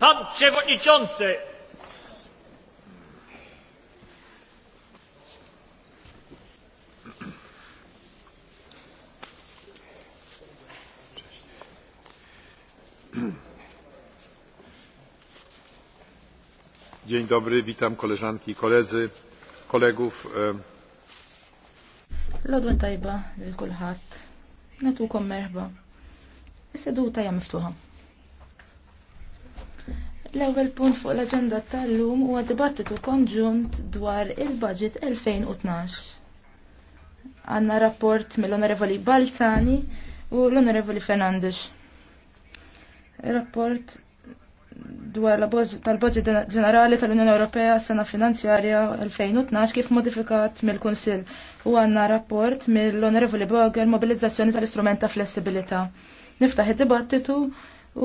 Pan Przewodniczący! Dzień dobry, witam koleżanki i koledzy, kolegów. E, Lodwa tajba, l-kulħat. Natukom merħba. Is-seduta hija miftuħa. L-ewwel punt fuq l-aġenda tal-lum huwa dibattitu konġunt dwar il-budget 2012. Għanna rapport mill-Onorevoli Balzani u l-Onorevoli Fernandes. Rapport dwar tal-budget ġenerali tal-Unjoni Ewropea sena finanzjarja 2012 kif modifikat mill-Kunsill u għanna rapport mill-Onorevoli Boger mobilizzazzjoni tal-istrument ta' flessibilità. Niftaħ id-dibattitu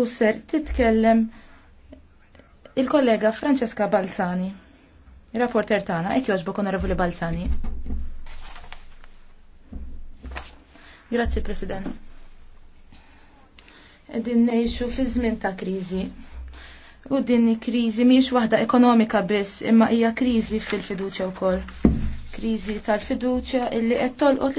u ser titkellem il-kollega Francesca Balzani. Rapporter tana, ek joġbok onorevoli Balzani. Grazzi, President. Din nejxu fi żmien ta' kriżi. U din kriżi miex waħda ekonomika biss, imma hija kriżi fil-fiduċja wkoll. Kriżi tal-fiduċja illi qed tolqot